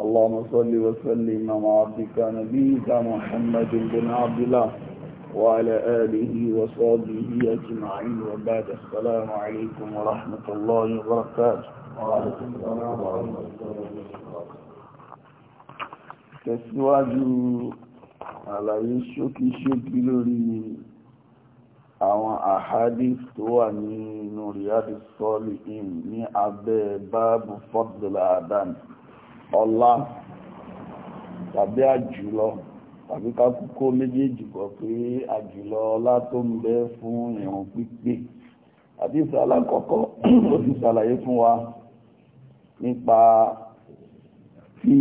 اللهم صل وسلم على عبدك نبيك محمد بن عبد الله وعلى آله وصحبه أجمعين وبعد السلام عليكم ورحمة الله وبركاته وعليكم السلام ورحمة الله وبركاته tẹ̀síwájú àlàyé ṣókíṣókí lórí àwọn احاديث tó wà nínú Riyadus Salihin ní abẹ́ ọlá tàbí àjùlọ tàbí ká kúkó méjèèjì kọ̀ pé àjùlọ ọlá tó ń bẹ fún ìrun pípé àti ìsàlá kọ̀kọ́ ó ti ṣàlàyé fún wa nípa tí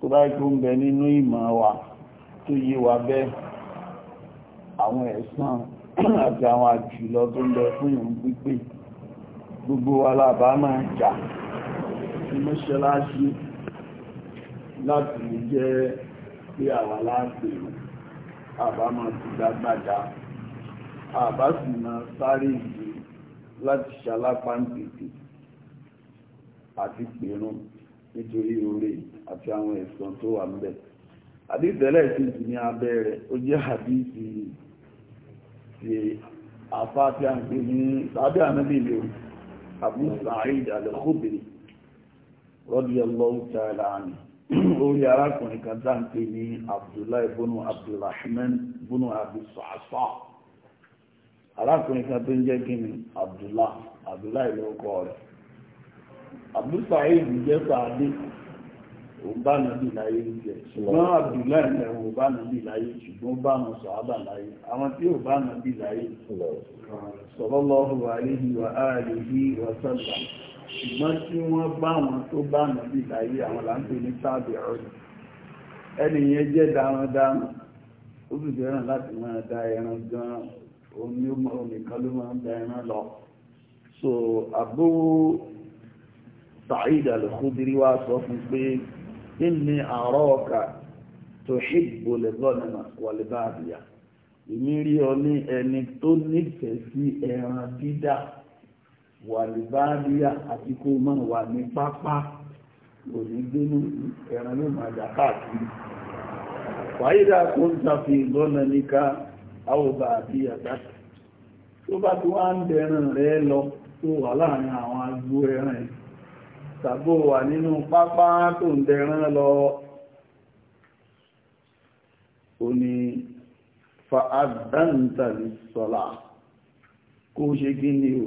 tó bá kí ó ń bẹ nínú ìmọ̀ wa tó yé wa bẹ́ àwọn ẹ̀san àti àwọn àjùlọ tó ń bẹ fún ìrun pípé gbogbo wa làbá máa jà sí mọ́ṣáláṣí láti lè jẹ́ pé àwa láti àbá máa ti dágbàdá àbá sì máa sáré ìdí láti ṣalápá ń tètè àti pèrún nítorí oore àti àwọn ẹ̀san tó wà níbẹ̀. àdìtẹ́lẹ̀ kejì ní abẹ́ ó jẹ́ àdìsí ti afá tí a ń pè ní tàbí ànábìlẹ̀ Abu Sa'id al-Khudri radiyallahu ta'ala anhu orí arákùnrin kan tá ń pè ní abdullahi bunu abdulrahman bunu arákùnrin kan tó ń jẹ́ kí ni abdullah abdullahi ló kọ́ rẹ̀ jẹ́ bá láyé jẹ ṣùgbọ́n abdullahi lẹ́wọ̀n òun bá nàbí láyé ṣùgbọ́n bá wọn sàábà láyé àwọn tí ò bá nàbí láyé sallallahu alaihi wa alihi wa ṣùgbọ́n tí wọ́n bá wọn tó bá nà bí láyé àwọn láńpẹ́ ní sáàbì ọ̀rọ̀ ẹni yẹn jẹ́ darandaran ó sì fẹ́ràn láti máa da ẹran gan omi nìkan ló máa ń da ẹran lọ so Abu Sa'id al-Khudri wá sọ fún pé inni araka tuhibbu al-ghanama wal-badiya ìmírí ọ ní ẹni tó nífẹ̀ẹ́ sí ẹran dídá wàlìbáàlìyà àti kó máa wà ní pápá òní gbénú ẹran ló máa jà káàkiri fàídà kó ń tàfi ìgbọ́nà níka àwòbà àti àtàkì tó bá tó wá ń dẹran rẹ lọ tó wà láàrin àwọn agbó ẹran tàbó wà nínú pápá tó ń dẹran lọ ó ní fa àdáǹtà ní sọ́lá kó ṣe kí ni o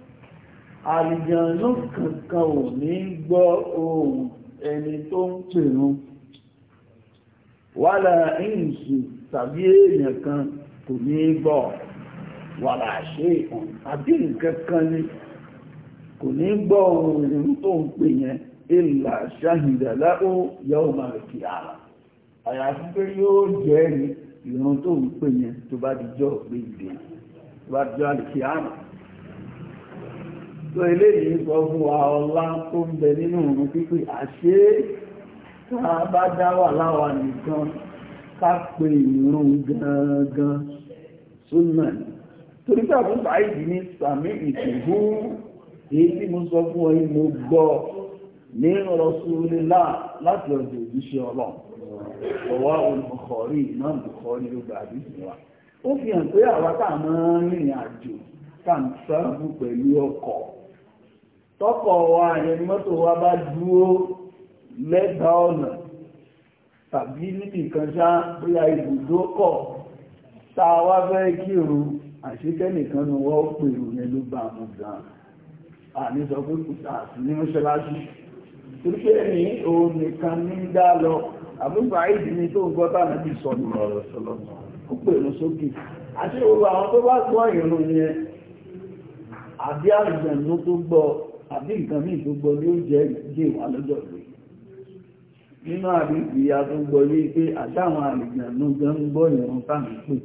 àlìjànú kankan ò ní gbọ́ ohùn ẹni tó ń pèrún wàlà ìrìnsù tàbí èèyàn kan kò ní gbọ́ wàlà ṣe ìhàn àbí nǹkan kan ni kò ní gbọ́ ohùn ìrìn tó ń pè yẹn ìlà ṣáhìdàlá ó yọ́ ìrìn tó ń pè yẹn tó bá dijọ́ gbé ìdè tó bá dijọ́ àlìkì àrà tó eléyìí sọ fún wa ọlá tó ń bẹ nínú òun pípé àṣé tá a bá dá wà láwa nìkan ká pe ìrun gangan súnà torí pé àbúrò àìdí ní sàmì ìtìbú èyí tí mo sọ fún ọ yìí mo gbọ́ ní Rasulillah láti ọ̀dọ̀ òjíṣẹ́ Ọlọ́run ọwọ́ olùkọrí Imam Bukhari ló gbà bí wa ó fi hàn pé àwa tá máa ń rìnrìn àjò tá ń sáàbù pẹ̀lú ọkọ̀ tọ́kọ̀ wa àyẹn mọ́tò wa bá dúró lẹ́gbàá ọ̀nà tàbí níbi kan ṣá bóyá ibùdókọ̀ tá a wá fẹ́ kírun àṣekẹ́nìkan ni wọ́n pè rò ní ló bá mú gan àní sọ pé kò tà sí ní mọ́ṣáláṣí torí pé ní òun nìkan ní dá lọ àbúgbà ìdí ni tó ń gbọ́ tàbí ti sọ ní ọ̀rọ̀ sọlọ ó pè rò sókè àti òru àwọn tó bá gbọ́ ìrun yẹn àbí àrùjẹ̀ ló tó gbọ́ àbí nǹkan ní ìgbogbo ní ó jẹ́ ìdíje wà lọ́jọ́ pé nínú àdíjì ya tó gbọ́ yé pé àtàwọn àrìnàánú gan ń gbọ́ ìrún sáàmì pè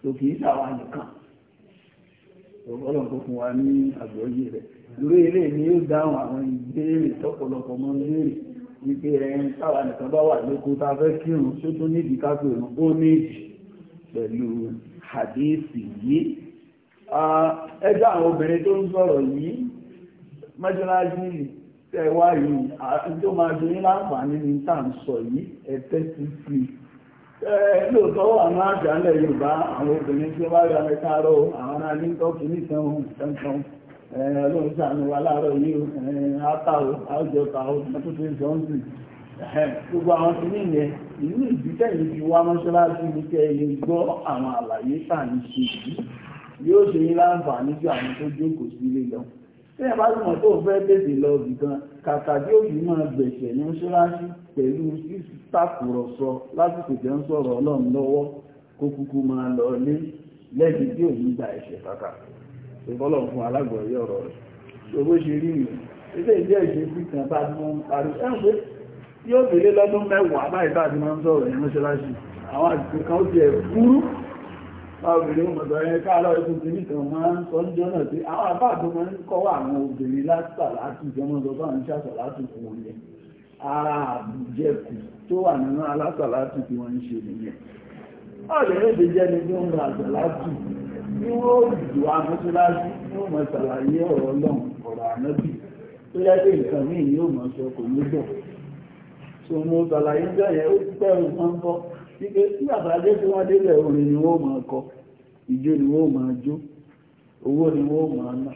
tó kìí sàwà nìkan ọ̀pọ̀lọ̀ tó fún wa ní àgbọ́yé rẹ̀ lórí eré ni ó dáhùn àwọn ìbéèrè tọ́pọ̀lọpọ̀ mọ́ léèrè wípé ẹ̀yìn sáwà nìkan bá wà lóko tá fẹ́ kírun tó tún nídìí ká pè ó ní pẹ̀lú àdéhìsì yìí ẹjọ́ àwọn obìnrin tó ń sọ̀rọ̀ yìí mọ́ṣáláṣí tẹ́wà yìí tó máa dún ní ní tàǹsọ̀ yìí ẹ̀tẹ́ ti fi lóòótọ́ wà àjálẹ̀ Yorùbá àwọn obìnrin tí ó bá rí amẹ́kárọ̀ àwọn ará ní gbogbo àwọn tí ní yóò ṣe yín láǹfààní ju àwọn tó jókòó sílé lọ tí ẹ bá túmọ̀ tó fẹ́ tètè lọ bìkan kàkà tí ó fi máa gbẹ̀ṣẹ̀ ní ṣọ́láṣí pẹ̀lú tàkùrọ̀sọ lásìkò tí ó ń sọ̀rọ̀ ọlọ́run lọ́wọ́ kó kúkú máa lọ lé lẹ́yìn tí ò ní gba ẹ̀ṣẹ̀ kàkà ìbọ́lọ̀ fún alágbọ̀ọ́yé ọ̀rọ̀ rẹ̀ owó ṣe rí mi ilé ilé ẹ̀ṣẹ̀ sí kan bá ti máa ń parí ẹ̀ṣẹ̀ yóò délé lọ́dún mẹ́wàá báyìí bá ti máa ń sọ̀rọ̀ ní mọ́ṣáláṣí àwọn àgbẹ̀ kan obìnrin mọ̀tọ̀rẹ́ káàlọ́ ikú ti ní kan máa ń sọ jọ náà sí àwọn àbáàdó máa ń kọ́ wà àwọn obìnrin látàlátù jọmọ́sọ bá ń ṣàṣàlátù fún wọn yẹn ara àbújẹ́kù tó wà nínú alásàlátù tí wọ́n ń ṣe nìyẹn ọ̀lẹ́rẹ́ ti jẹ́ ni tí ó ń ra àṣàlátù tí wọ́n ó dùn amọ́síláṣí tí ó mọ̀ ṣàlàyé ọ̀rọ̀ ọlọ́run ọ̀rọ̀ ànábì tó yẹ pé nǹkan míì yóò mọ̀ sọ kò ní bọ̀ wípé tí àbájẹ́ tí wọ́n délẹ̀ orin ni wọ́n máa kọ ìjó ni wọ́n máa jó owó ni wọ́n máa ná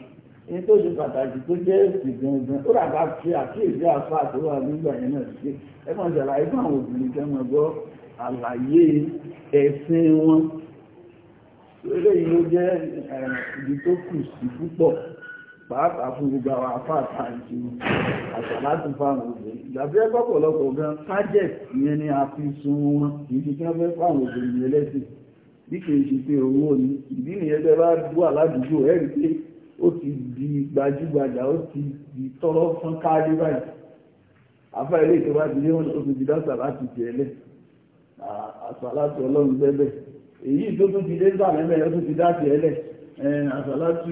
ní tó ṣe pàtàkì tó jẹ́ èsì gangan ó rà bá fi àkíyèsí àfa tó wà nígbà yẹn náà sí ẹ máa ṣàlàyé fún àwọn obìnrin kẹ́ máa gbọ́ àlàyé ẹ̀sìn wọn eléyìí ló jẹ́ ìdí tó kù sí púpọ̀ pàápàá fún gbogbo àwọn àfáàtà àti àṣàláti fáwọn obìnrin ìgbàbí ẹgbẹ́ ọ̀pọ̀lọpọ̀ gan target yẹn ni a fi sun wọn ìdí tí wọ́n fẹ́ fáwọn obìnrin ẹlẹ́sìn bí kìí ṣe pé owó ni ìdí nìyẹn tẹ́ bá wà ládùúgbò ẹ̀rí pé ó ti di gbajúgbajà ó ti di tọ́rọ́ fún káàdé báyìí afá ilé ìjọba ti lé wọn ó ti di dáṣà láti jẹ ẹlẹ àṣàláti ọlọ́run bẹ́bẹ̀ èyí tó tún ti dé sàlẹ́mẹ̀ ó tún ti dá ti ẹlẹ̀ àṣàláti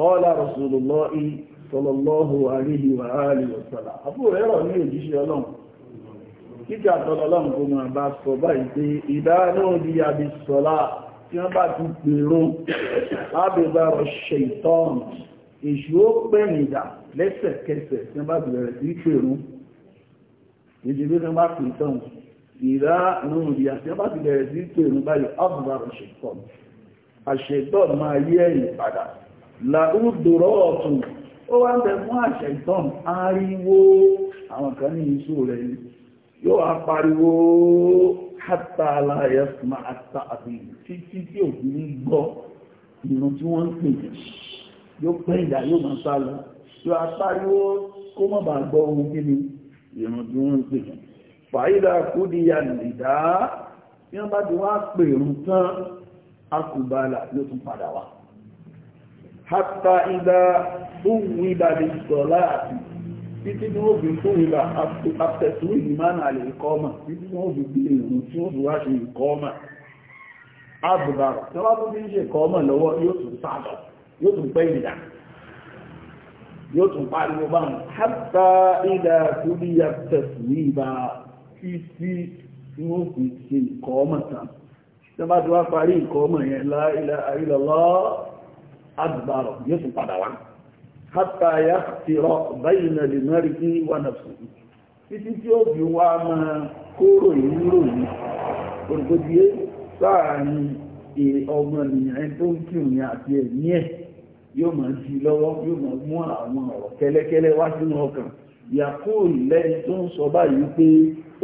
kọ́lá rasulùmọ́ i sọlọ́lọ́hù àríhì wà áàlì ọ̀sọ̀lá àbú ẹ̀rọ ní òjíṣẹ́ ọlọ́run kíkà tọ́lọ́lọ́run kó máa bá sọ báyìí pé ìdáná di àbí sọ́lá tí wọ́n bá ti pèrún lábẹ́bá rọ̀ṣẹ̀ ìtọ́rùn èṣù ó pẹ̀yìndà lẹ́sẹ̀kẹsẹ̀ tí wọ́n bá bẹ̀rẹ̀ sí pèrún ìjìbí tí wọ́n bá pè tán ìrá nínú ìyá tí wọ́n bá ti bẹ̀rẹ̀ sí pèrún báyìí ọ̀bùbá rọ̀ṣẹ̀ ìtọ́rùn àṣẹ̀tọ́rùn máa yí ẹ̀yìn padà làúdòrò ọ̀tún ó wá ń bẹ fún àṣẹ ìtàn ariwo àwọn kan ní iṣu rẹ̀ yóò wá pariwo hátàlá ẹ̀sùn àtà àti títí tí ò fi ní gbọ́ ìrùn tí wọ́n ń pè yóò pẹ́ ìyá yóò máa sá lọ yóò wá pariwo kó mọ̀ bá gbọ́ ohun kí ni ìrùn tí wọ́n ń pè fàídà kúdíyà nìdá bí wọ́n bá ti wá pèrún tán akùbalà ló tún padà wá Hatta ida òwúwìdà lè sọ láàbí títí tí wọ́n fi fún ìlà àtẹ̀tù ìmánà lè kọ́mà títí tí wọ́n fi gbé ìrùn tí wọ́n fi wá ṣe ìkọ́mà àbùbàrà tí wọ́n fi ń ṣe ìkọ́mà lọ́wọ́ yóò tún sáàbọ̀ yóò tún pẹ́ ìdá yóò tún pariwo báwọn hátà ìdá kúrí àtẹ̀tù ìbá títí tí wọ́n fi ṣe ìkọ́mà tán tí wọ́n wá parí ìkọ́mà yẹn la agbárọ̀ yóò tún padà wá hátà yá ti rọ báyìí lè mẹ́rin kí wà náà sùn títí tí ó fi wá máa kóró yìí ròyìn òrùkòdìyé sáàárín ọmọ ènìyàn tó ń kírun ní àti ẹ̀mí ẹ̀ yóò máa di lọ́wọ́ yóò máa mú àwọn ọ̀rọ̀ kẹ́lẹ́kẹ́lẹ́ wá sínú ọkàn yàkó lẹ́ni tó ń sọ báyìí pé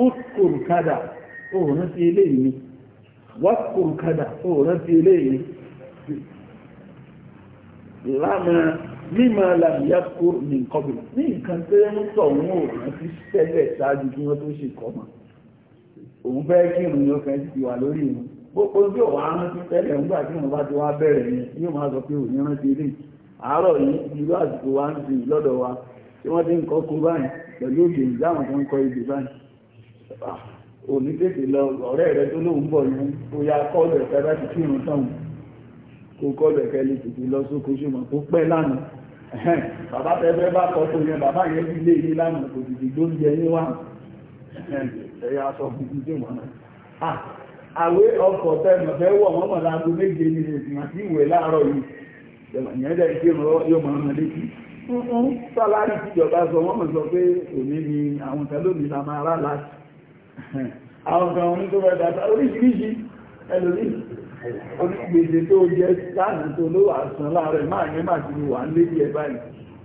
ó kòrùkádà ó rántí eléyìí wá kòrùkádà ó rántí eléyìí lámà mímọ làbíyá kó ní nǹkan bí ní nǹkan tó ń tọ̀ wọn ò rántí tẹ́lẹ̀ ṣáájú kí wọ́n tó ṣe kọ́ mọ̀ òun fẹ́ kí ìrùn ní ọkàn ti wà lórí ìrùn gbogbo bí òun á rántí tẹ́lẹ̀ ńgbà tí wọ́n bá ti wá bẹ̀rẹ̀ ni yóò máa sọ pé òun rántí ilé àárọ̀ yìí irú àsìkò wa ń sìn lọ́dọ̀ wa tí wọ́n ti ń kọ́ kó báyìí pẹ̀lú òkè ìdáhùn tó ń kọ́ ibè báyìí ah, òní tètè lọ ọ̀rẹ́ rẹ tó lóun bọ̀ yẹn ó kọ́ọ̀lù ẹ̀ka láti kírun táwọn kò kọlu ẹ̀kẹ́ lè tètè lọ sóko ṣùgbọ́n tó pẹ́ lánàá bàbá tẹ́fẹ́ bá kọ́ tó yẹn bàbá yẹn fi lé yín lánàá kò tètè gbó yẹ yín wà ẹ̀yà aṣọ fífi tí wọ́n náà. ọkọ̀ tẹ́mọ̀ fẹ́ wọ̀ wọ́n mọ̀ láago méje ní ìsìn àti ìwé láàárọ̀ yìí ìyẹn dẹ̀ ṣe yóò máa rán létí. sálárì tíjọba sọ wọ́n mọ̀ sọ pé òní ni àwọn kan la máa rà láti. àwọn kan òní tó fẹ́ dàtà oríṣiríṣi ẹlòmíì onígbèsè tó jẹ́ sáàrùn tó ló wà sàn láàrẹ̀ máa yẹn máa ti wà ń lébi ẹ̀ báyìí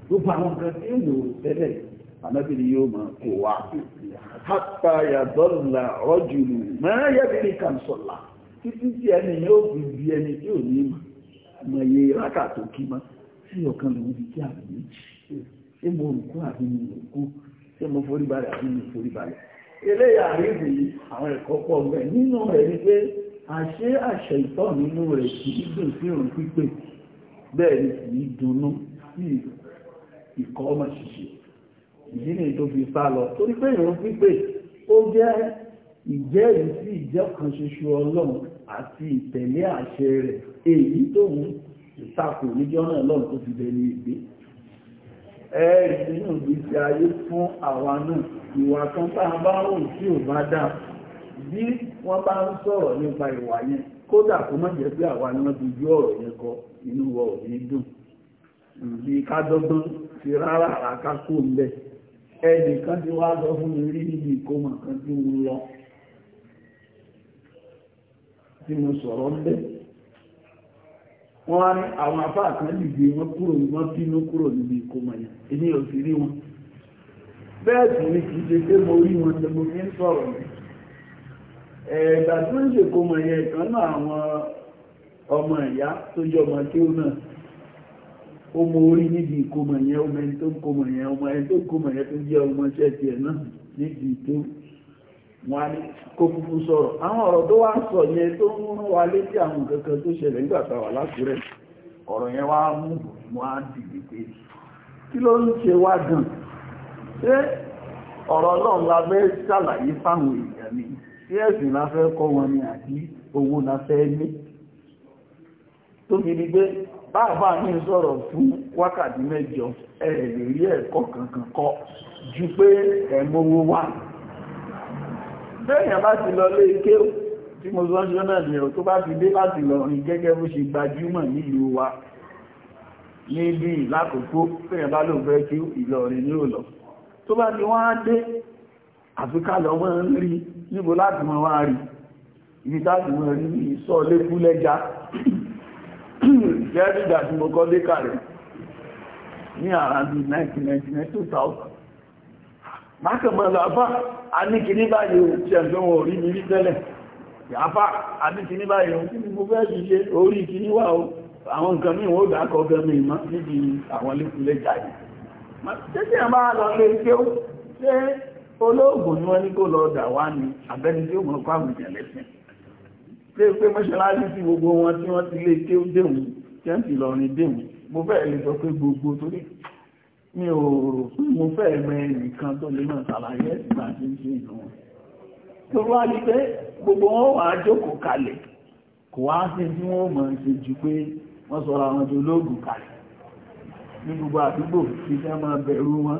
gbogbo àwọn kan tí ń lò tẹ́lẹ̀ anábìrì yóò máa kó wa hápa yàtọ̀lá rọ́jùlù mẹ́rin yẹ́bìrì kan sọ̀la títí tí ẹni yóò fi di ẹni tí ò ní mọ̀ iye rákà tó kí mọ́ sí ọ̀kan lòun fi kí àbí méjì ṣé mo rò kó àbí mi rò kó ṣé mo forí balẹ̀ àbí mi forí balẹ̀ eléyà rí rí àwọn ẹ̀kọ́ pọ̀ mẹ́ nínú rẹ̀ ni pé àṣé àṣẹ ìtọ́ nínú rẹ̀ kì í dùn sí òun pípè bẹ́ẹ̀ ni kì í dunnú sí ìkọ́ ọmọ ṣìṣe ìdí ni tó fi sá lọ torí pé ìrún pípè ó jẹ́ ìjẹ́rìí sí ìjẹ́ kan ṣoṣo ọlọ́run àti ìtẹ̀lé àṣẹ rẹ̀ èyí tó ń ìtakò níjọ́ náà lọ́run tó fi bẹ̀rẹ̀ ìgbé ẹ̀rì nínú ìgbésí ayé fún àwa náà ìwà kan tá a bá rò tí ò bá dáa bí wọ́n bá ń sọ̀rọ̀ nípa ìwà yẹn kódà kó má jẹ́ pé àwa ni wọ́n dojú ọ̀rọ̀ yẹn kọ inú wa ò ní dùn bí ká dọ́gbọ́n ti rárá àká kó lẹ̀ kan ti wá lọ fún mi rí níbi ìkómọ kan tí mo lọ tí mo sọ̀rọ̀ ń ní àwọn afá kan dìde wọ́n kúrò wọ́n bínú kúrò níbi ìkómọ yẹn èmi ò sì rí wọn bẹ́ẹ̀ sì ni kì í ṣe pé mo ẹ̀ẹ̀gbà tó ń ṣe kó mọ̀ ẹ̀yẹ kan náà àwọn ọmọ ìyá tó ọmọ tí ó náà ó mọ orí níbi ọmọ ẹni tó ń ọmọ ẹni tó ń kómọ̀ yẹn tó jẹ́ ọmọ iṣẹ́ ẹ̀ náà níbi tó ní kó fúfú sọ̀rọ̀ àwọn ọ̀rọ̀ tó wá sọ tó ń rán wa létí àwọn kankan tó ṣẹlẹ̀ nígbà tá a wà lákùrẹ́ ọ̀rọ̀ yẹn wá mú wọn á pé kí ló ń ṣe wá gan ṣé ọ̀rọ̀ náà la sí ẹ̀sìn la fẹ́ kọ́ wọn ni àti owó la fẹ́ ní tó fi di pé báàbá mi sọ̀rọ̀ fún wákàtí mẹ́jọ ẹ lè rí ẹ̀kọ́ kankan kọ́ ju pé ẹ̀mọ́wó wà bẹ́ẹ̀yàn bá ti lọ lé ike tí mo sọ ṣe náà lè tó bá ti dé láti lọ rìn gẹ́gẹ́ bó ṣe gbajúmọ̀ nílùú wa níbi lákòókò bẹ́ẹ̀yàn bá lò fẹ́ kí Ìlọrin ní ò lọ tó bá ti wọ́n á dé àfikà ń rí níbo láti mọ̀ wá rí ibi láti mọ̀ rí ìsọ́ lékú lẹ́já jẹ́ ìgbà tí mo kọ́ dékà rẹ̀ ní àràbí 1999-2000 mákàmọ̀lá àfá aníkìní báyìí ohun tí ẹ̀jọ́ wọn orí mi rí tẹ́lẹ̀ àfá aníkìní báyìí ohun tí mo fẹ́ ṣiṣẹ́ orí kìní wà ó àwọn nǹkan mí wọ́n dákọ̀ gẹ́mì ìmọ́ níbi àwọn lékúlẹ̀ jáyìí olóògùn ni wọ́n ní kó lọ dà wá ní abẹ́ni tí ó mọ̀ kọ́ àwùjẹ lẹ́sìn pé pé mọ́ṣáláṣí sí gbogbo wọn tí wọ́n ti lé ké déhùn tí wọ́n ti lọrin déhùn mo fẹ́ lè sọ pé gbogbo torí mi ò rò pé mo fẹ́ mẹ nìkan tó lè máa ṣàlàyé ẹ̀sìn bá ṣe ń ṣe ìlú wọn tó wá ní pé gbogbo wọn wà á jókòó kalẹ̀ kò wá sí tí wọ́n mọ̀ ṣe ju pé wọ́n sọra wọn di olóògùn kalẹ̀ ní gbogbo àdúgbò tí wọ́n máa bẹ̀rù wọn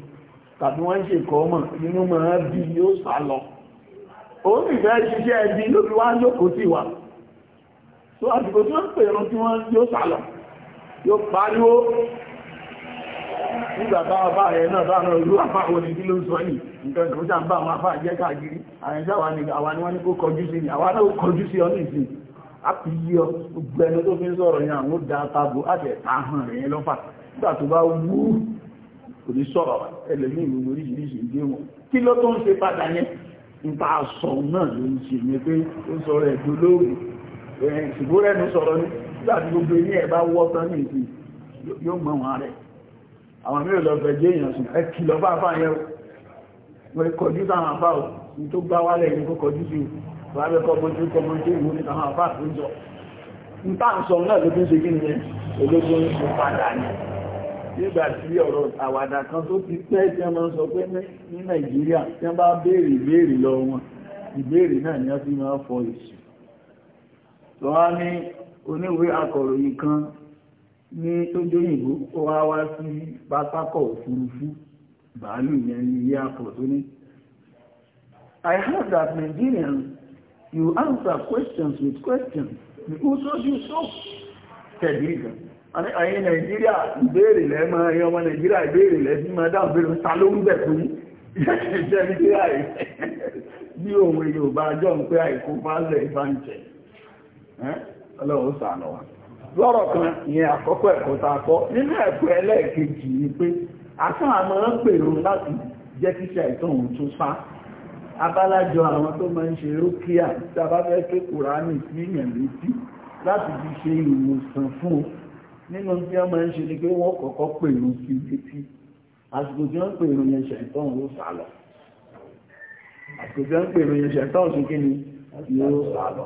tàbí wọ́n ń ṣe kọ́ nínú ma máa bí yóò sá lọ ó sì fẹ́ ṣiṣẹ́ ẹbí ló fi wá jókòó sí wa tó tí wọ́n pè tí wọ́n yóò sá lọ yóò pariwo nígbà bá náà bá rán àpá àwọn ló sọ ní nǹkan kan ń bá jẹ́ káàkiri àwọn ni wọ́n ní kó kọjú kò ní sọ̀rọ̀ ẹlẹ́mí ìlú oríṣiríṣi ìdí wọn kí ló tó ń ṣe padà yẹn nípa sọ náà ló ń ṣe ní pé ó sọ̀rọ̀ ẹ̀dùn lóògùn ṣùgbọ́n rẹ̀nu sọ̀rọ̀ ní nígbà tí gbogbo ilé ẹ̀ bá wọ́ tán ní ìsìn yóò mọ̀ wọn rẹ̀ àwọn mìíràn lọ fẹ́ jẹ́ èèyàn sùn ẹ kìlọ̀ bá fà yẹn o kọjú sáwọn afá o ní tó gbá wálẹ̀ ní kó kọjú sí o wà á bẹ́ kọ́ bójú kọ́ mọ́ tí ìwúni nígbà tí ọ̀rọ̀ àwàdà kan tó ti pẹ́ tí wọ́n sọ pé ní nàìjíríà tí wọ́n bá béèrè ìbéèrè lọ wọn ìbéèrè náà ni wọ́n fi máa fọ èsì lọ́wọ́ ní oníwé akọ̀ròyìn kan ní tó jóyìnbó ó wá wá sí pápákọ̀ òfurufú bàálù yẹn ní ilé àpọ̀ tó ní I heard that Nigerians you answer questions with questions you also do so tẹ̀lé ẹ̀yin nàìjíríà ìbéèrè lẹ́ máa ẹ̀yin ọmọ nàìjíríà ìbéèrè lẹ́ sí máa dáhùn béèrè ta ló ń bẹ̀ fún ìṣẹ́ nàìjíríà rẹ̀ bí òun yorùbá jọ ń pé àìkú bá lẹ̀ bá ń jẹ ọlọ́run sàánà wa lọ́rọ̀ kan ìyẹn àkọ́kọ́ ẹ̀kọ́ tá a kọ́ nínú ẹ̀kọ́ ẹlẹ́ẹ̀kejì ni pé àtún àmọ́ ń pèrò láti jẹ́ kíṣẹ́ àìtàn òun tún sá abálájọ àwọn tó máa ń ṣe rókíà tí a bá fẹ́ pé fi ṣe ìwòsàn fún nínú tí wọ́n máa ń ṣe ni pé wọ́n kọ́kọ́ pèrò sí létí àsìkò tí wọ́n pèrò yẹn ṣẹ̀tàn ló sá lọ àsìkò tí wọ́n pèrò yẹn ṣẹ̀tàn sí kí ni yóò sá lọ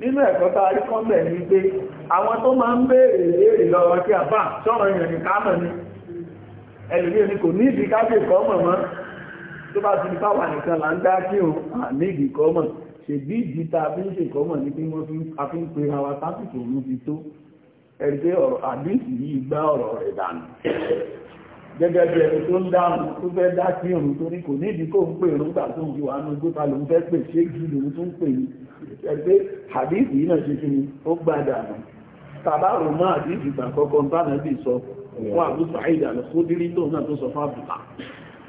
nínú ẹ̀kọ́ tá a rí kọ́ńbẹ̀ ni pé àwọn tó máa ń béèrè léèrè lọ́wọ́ kí àbá sọ̀rọ̀ yẹn ní kámọ̀ ni ẹlòmíì ni kò ní ìdí kábíyè kọ́mọ̀ mọ́ tó bá ti ní fáwọn nìkan là ń dá kí o àmì ìdí kọ́mọ̀ ṣèbí ìdí tá a fi ń ṣèkọ́mọ̀ ni pé wọ́n fi ń pe ara wa tásìkò òun ti tó ẹgbẹ́ ọ̀rọ̀ àdíṣì yìí gbá ọ̀rọ̀ rẹ̀ dànù gẹ́gẹ́ bí ẹni tó ń dáhùn tó fẹ́ dá sí òun torí kò nídìí kó ń pè rúgbà tó ń fi wà nínú gbóta lòun fẹ́ pè ṣé jù lòun tó ń pè ní ẹgbẹ́ àdíṣì yìí náà ṣe fi ni ó gbá dànù tàbárò mọ́ àdíṣì ìgbà kọ́kọ́ bánà bí sọ fún àbúsà ìdàlọ́ kó dírí tó náà tó sọ fún àbùkà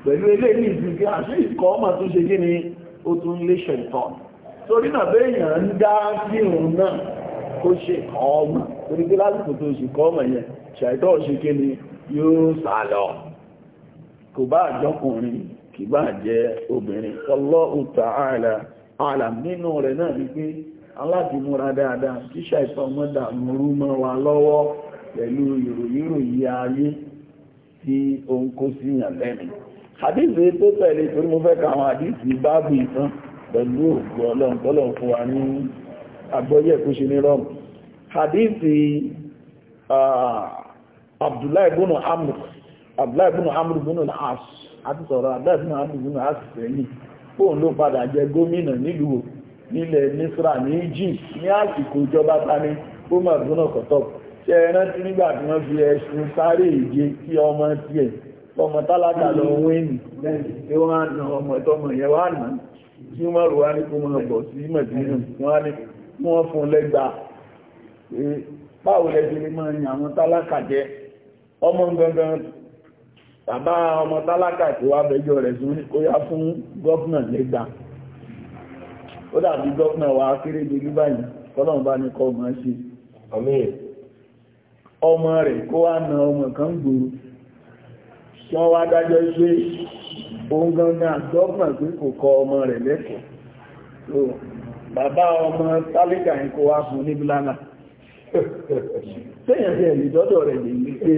pẹ̀lú eléyìí ìsìnkí àṣẹ ìkọ́ ọmọ tó ṣe kí ni ó tún léṣẹ̀ ìtọ́ torí náà bẹ́ẹ̀ yàn ń dá sí òun náà kó ṣe kọ́ ọmọ torí pé lásìkò tó ṣe kọ́ ọmọ yẹn ṣàìtọ́ ṣe kí ni yóò sá lọ kò bá àjọkùnrin kì bá jẹ́ obìnrin Allahu ta'ala alam nínú rẹ̀ náà ni pé aláàdìmúra dáadáa tí ṣàìtọ́ ọmọ dàmúrú mọ́ wa lọ́wọ́ pẹ̀lú ìròyìnròyìn ayé tí ó ń kó sí àgbọ́yẹ̀ kó ṣe ní rọ́mù hadithi abdullahi ibn amr abdullahi ibn amr ibn al-as àti sọ̀rọ̀ abdullahi ibn amr ibn al-as sẹ́yìn fóun ló padà jẹ gómìnà nílùú nílẹ̀ misra ní egypt ní àsìkò ìjọba tani umar ibn al-khattab ṣe rántí nígbà tí wọ́n fi ẹ̀sùn sáré ìje tí ọmọ tiẹ̀ ọmọ tálákà lọ wíìnì tí wọ́n á na ọmọ ẹ̀tọ́mọ yẹn wá nà tí wọ́n rò ní kó mọ̀ bọ̀ sí mẹ̀tínú wọ́n á ní wọ́n fún lẹ́gbà báwo lẹ́sí máa ní àwọn tálákà ọmọ gangan bàbá ọmọ tálákà tí wá bẹjọ rẹ̀ kó yá fún gọ́ọ̀nà lẹ́gbà ó dàbí gọ́ọ̀nà wà kéré délú báyìí ọmọ ọmọ rẹ̀ kó wá ọmọ kan wá dájọ́ ọmọ rẹ̀ lẹ́kọ̀ọ́ bàbá ọmọ tálíkà ń kó wá fún ní blana tẹ́yẹ̀ sí ẹ̀lì dọ́dọ̀ rẹ̀ lè ní pé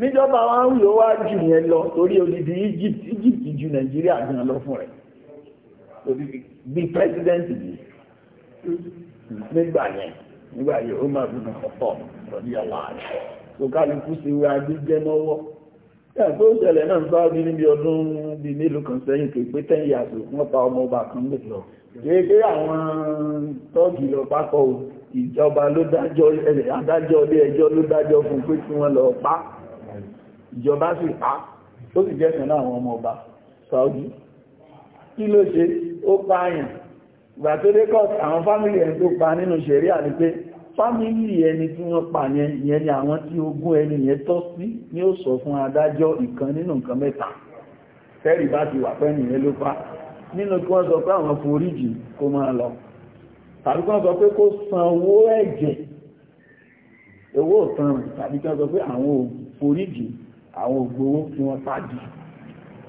níjọba wá ń lò wá jù yẹn lọ torí odidi Egypt Egypt ju Nàìjíríà gan lọ fún rẹ̀ bí president yìí nígbà yẹn nígbà yìí ó máa bí ọ̀pọ̀ ọ̀dí ọ̀la rẹ̀ tó kálukú sí wá gbígbẹ́ mọ́wọ́ tó ṣẹlẹ̀ náà bá rí níbi ọdún bí mélòó kan sẹ́yìn kò pé tẹ́yìn yàtọ̀ wọ́n pa ọmọ ọba kan lè lọ kéèké àwọn tọ́ọ̀gì lọ pápọ̀ ìjọba ló dájọ́ adájọ́ ilé ẹjọ́ ló dájọ́ fún pé kí wọ́n lọ pa ìjọba sì pa ó sì jẹ́ sẹ́nà àwọn ọmọ ọba Saudi kí ló ṣe ó pààyàn ìgbà tó dé kọ́ọ̀tù àwọn fámìlì ẹ̀ tó pa nínú ṣẹ̀ríà ni pé fámílì ẹni tí wọ́n pa yẹn yẹn ni àwọn tí ogún ẹni yẹn tọ́ sí ni ó sọ fún adájọ́ ìkan nínú nǹkan mẹ́ta fẹ́rì bá ti wà pẹ́ni yẹn ló pa nínú kí wọ́n sọ pé àwọn foríjì kó máa lọ tàbí kí wọ́n sọ pé kó san owó ẹ̀jẹ̀ owó ìtanràn tàbí kí wọ́n sọ pé àwọn foríjì àwọn ògbówó tí wọ́n pàdé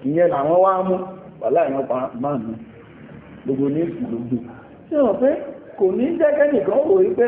ìyẹn làwọn wá mú wàlá ìran pa máa mú gbogbo ní ìsìn gbogbo kò ní jẹ́kẹ́ nìkan wò wípé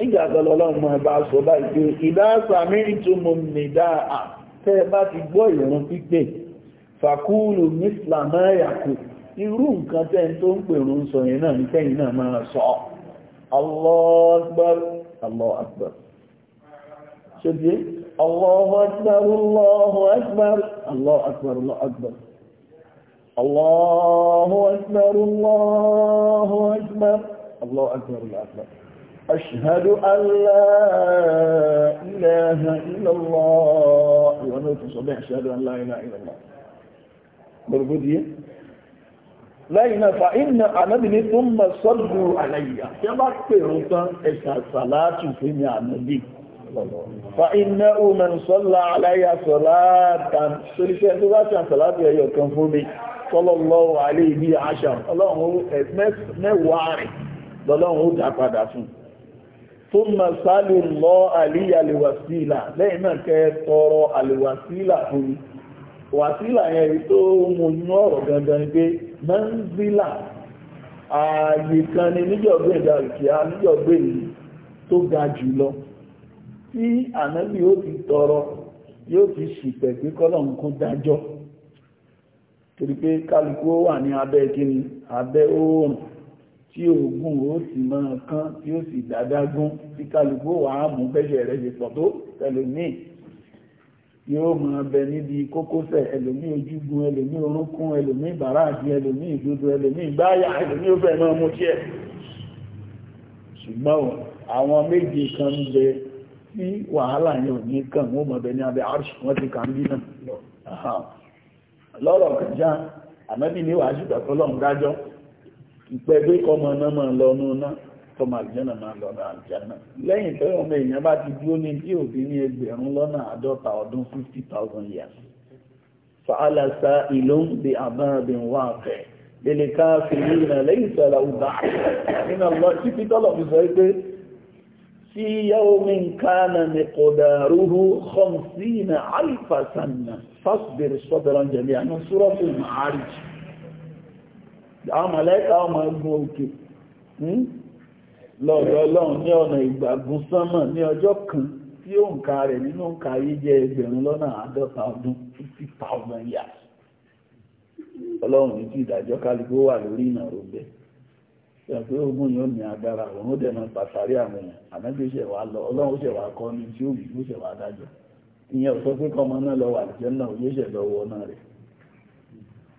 nígbà àtọ́lọ́ ọlọ́run mọ́ ẹ̀bá sọ báyìí pé ìdáàsà mẹ́rin tó mọ̀ nìdá à tẹ́ ẹ bá ti gbọ́ ìrun pípé fàkúrù mísìlá mẹ́yàkù irú nǹkan tẹ́yìn tó ń pè rún sọ yẹn náà ní tẹ́yìn náà máa sọ Allahu Akbar Allahu Akbar ṣebí Allahu Akbar Allahu Akbar Allahu Akbar Allahu Akbar Allahu Akbar Allahu Akbar Allahu Akbar Allahu Akbar أشهد أن لا إله إلا الله ونوت صبيح أشهد أن لا إله إلا الله بربودية lẹ́yìnà fa iná ànábìní tó ń mọ̀ sọ́dù àlẹ́yà tí a bá pèrò tán ẹ̀ṣà sàlátù fún ní ànábì fa iná òmìn sọ́lá àlẹ́yà sọ́látàn sóríṣẹ́ tó bá ṣàn sàlátù ẹyọ kan fún mi sọ́lọ́lọ́wọ́ àlẹ́ ìbí àṣà ọlọ́run mẹ́wàá rẹ̀ lọ́lọ́run ó dá padà fún un tó ma sáàlù lọ àlí àlèwàsílà lẹ́yìn náà kẹ tọrọ àlèwàsílà fún mi wàsílà yẹn èyí tó mú inú ọ̀rọ̀ gangan pé mẹ́ńzílà ààyè kan ni níjọ̀gbé ìdàrùkìá níjọ̀gbé ìlú tó ga jù lọ tí ànábì ó ti tọrọ yóò ti ṣìpẹ̀ pé kọ́lọ̀n dájọ́ torí wà ní abẹ́ kíni abẹ́ oòrùn tí oògùn ó sì máa kán tí ó sì dádágún tí kálukú wà á mú bẹ́ṣẹ̀ rẹ̀ ṣe pọ̀ tó ẹlòmíì yóò máa bẹ níbi kókósẹ̀ ẹlòmíì ojúgun ẹlòmíì orúnkún ẹlòmíì bàràdì ẹlòmíì ìdodo ẹlòmíì gbáyà ẹlòmíì ó fẹ́ máa mú tiẹ̀ ṣùgbọ́n àwọn méje kan ń bẹ tí wàhálà yẹn ò ní kàn wọ́n mọ̀ bẹ ní abẹ́ arṣ wọ́n ti kàn bí náà lọ́rọ̀ kẹjá àmẹ́bí ni wàá ṣùgbọ́n kọ́lọ́ dájọ́ ìpẹ́gbé kọmọ náà máa lọ núná kọmọ àlùjànnà máa lọ náà àlùjànnà lẹ́yìn tó ọmọ èèyàn bá ti dúró ní tí òbí ní ẹgbẹ̀rún lọ́nà àádọ́ta ọdún fifty thousand years fàálà sa ìlú ń bi àbáàbìn wà fẹ́ lèlè ká fi ní ìrìnà lẹ́yìn sọ̀rọ̀ ọ̀dà nínú ọlọ́ títí tọ́lọ̀ fi sọ pé sí yawmin kana miqdaruhu khamsina alfa sanna fasbir sadran jami'an suratul ma'arij àwọn mọ̀lẹ́kà ọmọ ẹgbùn òkè hmm? lọ́dọ̀ ọlọ́run ní ọ̀nà ìgbàgùn sánmà ní ọjọ́ kan tí ó ń ka rẹ̀ nínú ń ka jẹ́ ẹgbẹ̀rún lọ́nà àádọ́ta ọdún 50,000 years ọlọ́run ní tí ìdájọ́ kálukú wà lórí ìnà rògbẹ́ ogun yóò ní agbára òun ó dẹ̀nà àwọn èèyàn wà lọ ọlọ́run ó kọ́ tí ó wù dájọ́ ìyẹn ò sọ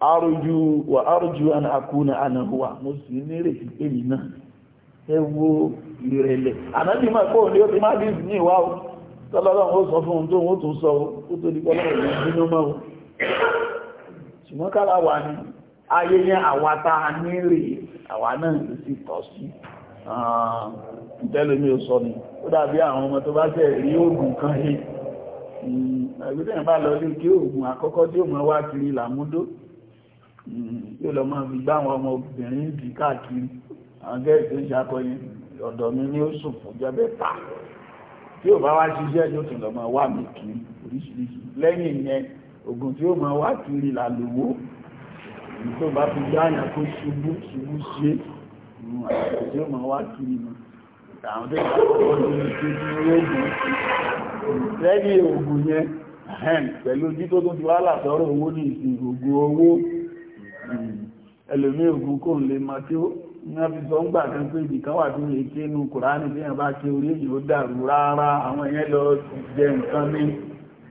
arújú wà arújú àna àkúnà mo sì nírètí èyí ẹ wo ìrẹ̀lẹ̀ ànábì máa o ti ó ti máa bí ní o tọ́lọ́lọ́run fún tó wọ́n tó sọ ó o ṣùgbọ́n kára wà ní ayé yẹn àwa tá a ni kan he hmm, lọ kí oògùn àkọ́kọ́ tí ó wá yóò lọ máa fi gbá àwọn ọmọ obìnrin bí káàkiri àwọn gẹ́ẹ̀sì ń ṣàkọyìn ọ̀dọ̀ mi ní ó sùn fún jẹ́bẹ̀ pa tí ò bá wá ṣiṣẹ́ yóò tún lọ máa wá mi kiri oríṣiríṣi lẹ́yìn ìyẹn oògùn tí ó máa wá kiri làlówó tó bá fi gbá àyàn kó ṣubú ṣubú ṣe àyàn tí ó máa wá kiri mọ́ àwọn tó bá wọ́n ní ìṣẹ́jú oògùn lẹ́yìn oògùn yẹn pẹ̀lú ojú tó tún ti wá làtọ́rọ̀ owó ní ìsìn ògùn owó ẹlòmí ògùn kò lè mọ̀ tí ó ní wọ́n fi sọ ń gbà kan pé ibìkan wà tí wọ́n ké nu kùránì tí wọ́n bá ké orí èyí ó dàrú rárá àwọn èèyàn lọ jẹ nǹkan ní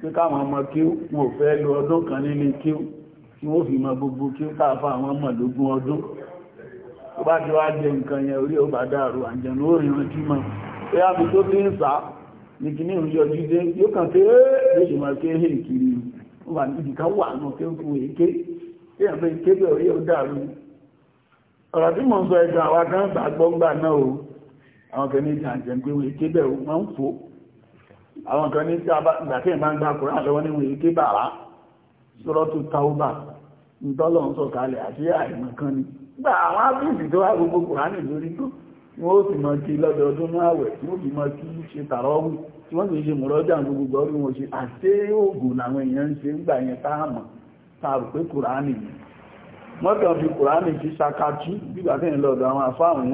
pé káwọn ọmọ kí wọn ò fẹ́ lo ọdún kan nílé kí tí wọ́n fi mọ gbogbo kí ó káàfà àwọn ọmọ ọdún tó bá ti wá jẹ nǹkan yẹn orí ó bá dàrú àjẹ̀nú ó rìn rántí mọ́ pé àbí tó ti ń sá ní kí ní ìrìnjọ jíde yóò kàn pé ẹ́ẹ́ tí a fi kébẹ̀ orí ó dàrú ọ̀rọ̀ tí mọ̀ ń sọ ẹ̀dùn àwọn kan gbàgbọ́gbà náà o àwọn kan ní ìjàǹjẹ̀ pé wọ́n kébẹ̀ wọ́n fò àwọn kan ní tí a bá gbàkẹ́ ìbá ń gbà kùrán lọ́wọ́ ní wọ́n kébẹ̀ àrá sọ́rọ́ tó taubà ìtọ́lọ̀ ń sọ kalẹ̀ àti àìmọ̀ kan ni gbà àwọn áfíìsì tó wá gbogbo kùrán lórí tó wọ́n ó sì mọ̀ kí lọ́dọọdún máa wẹ̀ tí wọ́n fi mọ̀ kí ṣe tàrọ́wù tí wọ́n sì ṣe mọ̀rọ́jà gbogbo ọdún wọn ṣe àṣé oògùn làwọn èèyàn ń ṣe ń gbà yẹn táàmù tààrù pé kùránì ni wọ́n kàn fi kùránì sí sakatú bígbà tí ń lọ́dọ̀ àwọn afáwọn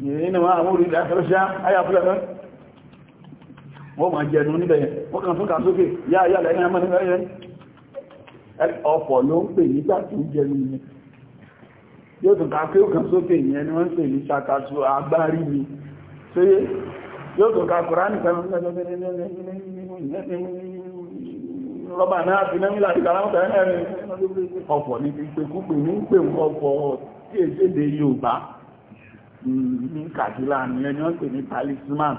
nínú àwọn orílẹ̀ afẹ́ṣẹ́ ayáfẹ́lẹ́fẹ́ wọ́n máa jẹnu níbẹ̀ yẹn wọ́n kàn fún kàsókè yá yá lẹ́yìn amọ́ níbẹ̀ yẹn ọ̀pọ̀ ló ń pè nígbà tó ń jẹnu ni yóò tún ká pé ó kàn sókè yẹn ni wọ́n ń pè ní sakatú agbárí ni ṣe yóò tún ká kùránì pẹ̀lú rọ́bà náà fi náà nílà ìgbà láwọn tẹ̀lé ẹ̀rin ọ̀pọ̀ ní ìpèkúpè ní pè ń ọ̀pọ̀ tí èdè Yorùbá ní Kàdúrà ní ẹni wọ́n pè ní talisman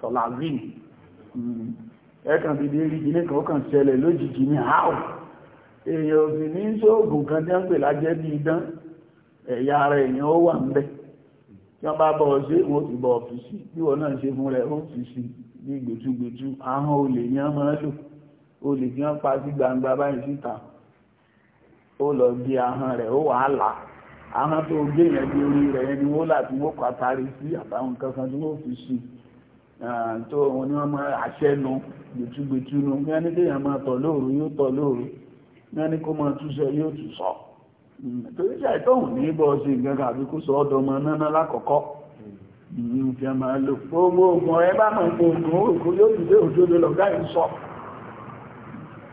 solazin ẹ̀kan ti di erigi ní kan kan ṣẹlẹ̀ lójijì ní how èèyàn ò sì ní ṣóògùn kan tí wọ́n pè lájẹ́ bí idán ẹ̀yà ara èèyàn ó wà ń bẹ̀ tí wọ́n bá bọ̀ ṣe wọ́n ti bọ̀ ọ̀fíìsì bí wọ́n náà ṣe fún rẹ̀ ó bí gbòtúgbòtú ahọ́n olè ní ọmọ lò olè tí wọ́n pa sí gbangba báyìí síta ó lọ bí ahọ́n rẹ̀ ó wàá là ahọ́n tó gbé yẹn bí orí rẹ̀ yẹn ni wọ́n là tí wọ́n kọ́ àtàrí sí àtàwọn nǹkan kan tí wọ́n fi sí tó wọn ni wọ́n máa àṣẹ nu gbẹtugbẹtu nu ní ẹni téèyàn máa tọ̀ lóru yóò tọ̀ lóru ní ẹni kó máa túṣọ yóò tù sọ hmm, torí ṣàìtọ́hùn ní bọ́ ṣe nǹkan kan àbí kó sọ ọ́dọ̀ ọmọ náná lákọ̀ọ́kọ́ hmm, ìyẹn fi máa lò gbogbo ogun ẹ bá máa gbogbo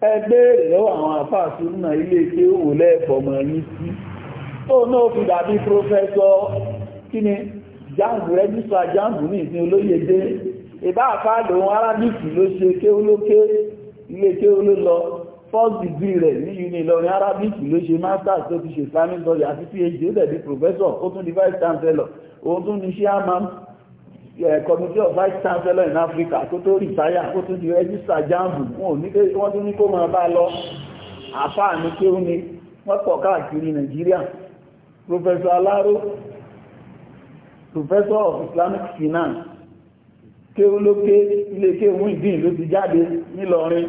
ẹ béèrè lọ́wọ́ àwọn àfáàsù náà ilé tí ó wò lẹ́ẹ̀fọ̀mọ̀ ní sí tó náà fi dàbí prọfẹ́sọ kí ni jambu rẹ́gísà jambu ní ìsìn olóyè dé ìbá àfáàlò arábìkì ló ṣe kéólóké ilé kéóló lọ first degree rẹ̀ ní uni Ìlọrin arábìkì ló ṣe masters tó ti ṣe islamic lawyer àti phd ó dẹ̀ professor ó tún di vice chancellor òun tún ní ṣé committee of vice chancellor in Africa kó tó rìtáyà kó tó di register jambu wọ́n tún ní kó máa bá lọ àfáà ní kí ó ní wọ́n pọ̀ káàkiri Nàìjíríà Professor Alaro Professor of Islamic Finance ké olóké ilé ké mú ìdín ló ti jáde nílọrin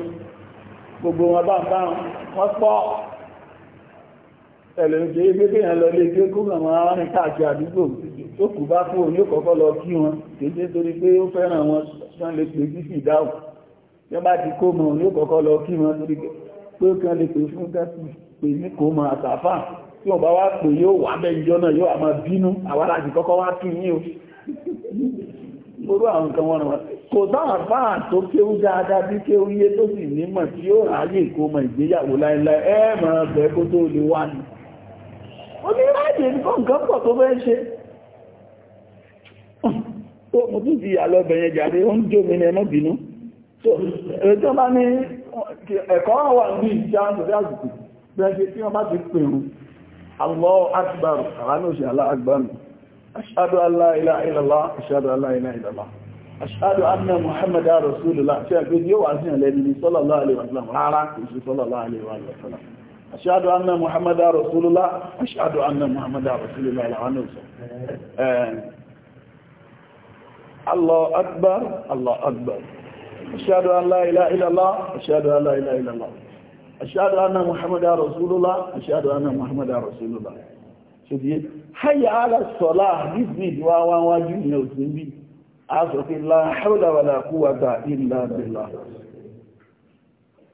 gbogbo wọn bá ń bá wọn pọ̀ ẹ̀lẹ́gbẹ̀ẹ́ gbẹ́gbẹ́ yẹn lọ lé gbé kó mọ̀ àwọn arìnrìn káàkiri àdúgbò tó kù bá fún òní kọ́kọ́ lọ kí wọn kéde torí pé ó fẹ́ràn wọn tán lè pè sí fìdáù tó bá ti kó mọ òní kọ́kọ́ lọ kí wọn torí pé ó kàn lè pè fún kẹ́sì pè ní kó mọ àtàfà tí wọ́n bá wá pè yóò wà bẹ́ ìjọ náà yóò àmọ́ bínú àwọn láti kọ́kọ́ wá tún yí o orú àwọn nǹkan wọ́n wọ́n kò dáhà fáà tó kéwú dáadáa bí kéwú yé tó sì nímọ̀ tí ó ráyè kó mọ ìgbéyàwó láìláì ẹ mọ̀ ọ̀bẹ kó tó lè wá ní. ó ní ráyè nǹkan pọ̀ tó fẹ́ ṣe tó mú tún ti yà lọ́bẹ̀ yẹn jàre ó ń jó mi ní ẹmọ́ bínú so ètò bá ní ẹ̀kọ́ wà ní ìjà àtúndì àsìkò bẹ́ẹ̀ tí wọ́n bá ti pèrún Allahu akbar àwọn òṣè aláàgbàmù ashhadu an la ilaha illallah ashhadu an la ilaha illallah ashhadu anna muhammadar rasulullah ṣe àgbé yóò wá sí ẹ̀lẹ́ni ní sallallahu alaihi wa sallam rárá kò sí sallallahu alaihi wa sallam ashhadu anna muhammadar rasulullah ashhadu الله أكبر الله أكبر أشهد أن لا إله إلا الله أشهد أن لا إله إلا الله أشهد أن محمد رسول الله أشهد أن محمد رسول الله ṣèdíyé hayya ala salah níbi ìwà wọn wájú ìyẹn òsìn bí a sọ pé la hawla wala quwwata illa billah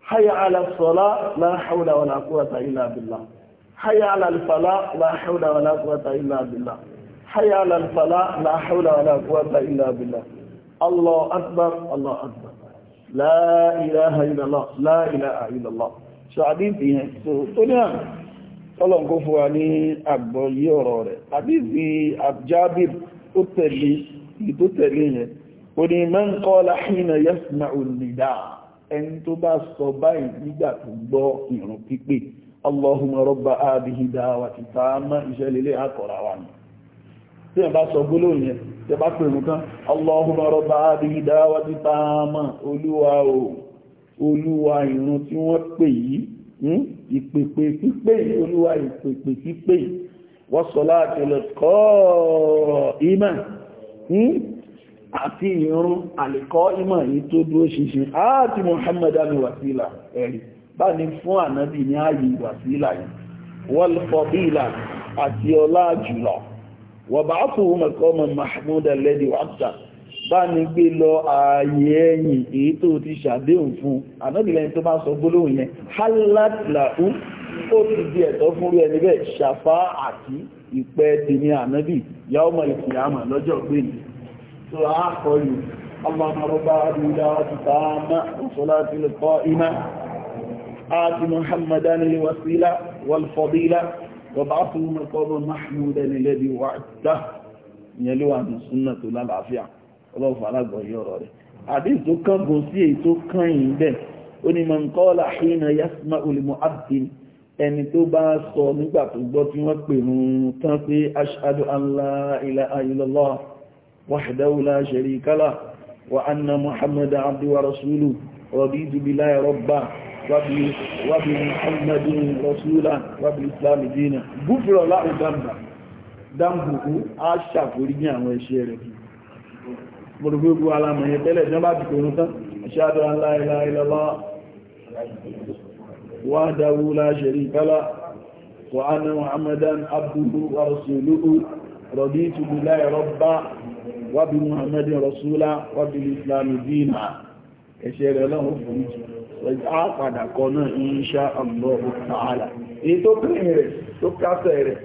hayya ala salah la hawla wala quwwata illa billah hayya ala al falah la hawla wala quwwata illa billah hayya ala لا حول ولا قوة إلا بالله الله أكبر الله أكبر لا إله إلا ilaha illallah la ilaha illallah so àdífì yẹn so tó ní àmì ọlọ́n kó fún wa ní àgbọ̀ yí ọ̀rọ̀ rẹ̀ àdífì àjábìr ó tẹ̀lé ìtó tẹ̀lé yẹn ó ní mẹ́ńkọ́ láhìnà yẹ́sìnà òlìdá ẹni tó bá sọ báyìí nígbà tó gbọ́ ìrùn pípé Allahumma rabba àbíhìdá wà ti tààmà ìṣẹ́lélé àkọ̀rà wa ni tí ẹ̀ bá sọ gbólóhùn yẹn tẹ bá pè nǹkan Allahumma rabba hadhihi da'wati taama olúwa o olúwa ìrun tí wọ́n pè yìí hmm, ìpèpè pípé olúwa ìpèpè pípé was-salatil qa'imah hmm, àti ìrun àlèkọ́ ìmọ̀ yìí tó dúró ṣinṣin àti bá ní fún ànábì ní ààyè wàsílà yìí wal fadila àti ọlá jùlọ wàbáfù mẹ́kọ́mọ̀ mahmuda lẹ́dí wàbta bá ní gbé lọ ààyè ẹ̀yìn èyí tó ti ṣàdéhùn fún ànábìlẹ́yìn tó bá sọ gbólóhùn yẹn hálàtìláú ó ti di ẹ̀tọ́ fún rí ẹni bẹ́ẹ̀ ṣàfá àti ìpẹ́ ti ní ànábì yàwọ́mọ̀ ìfìyàmà lọ́jọ́ gbéni وبعثه مقاما محمودا الذي وعدته يلوى عن السنة لا العافية الله فعلا غيره حديث كان بوسي تو كان ده oni man qala hina yasma'u li mu'addin ẹni tó bá sọ nígbà tó gbọ́ tí wọ́n pè mú tán pé ashhadu an la وبمحمد رسولا وبالإسلام دينا غفر الله ذنبه dáńbùkú á ṣàforíjì àwọn ẹ̀ṣẹ̀ rẹ̀ gbogbo alamọ̀yẹ tẹ́lẹ̀ jẹ́ bá ti kò rún tán ashhadu an la ilaha illallah wahdahu la sharika lah wa anna muhammadan abduhu wa rasuluhu raditu billahi rabba wa bi muhammadin rasula wa bil a padà kọ náà insha Allah ta'ala èyí tó kírìn rẹ̀ tó kásẹ̀ rẹ̀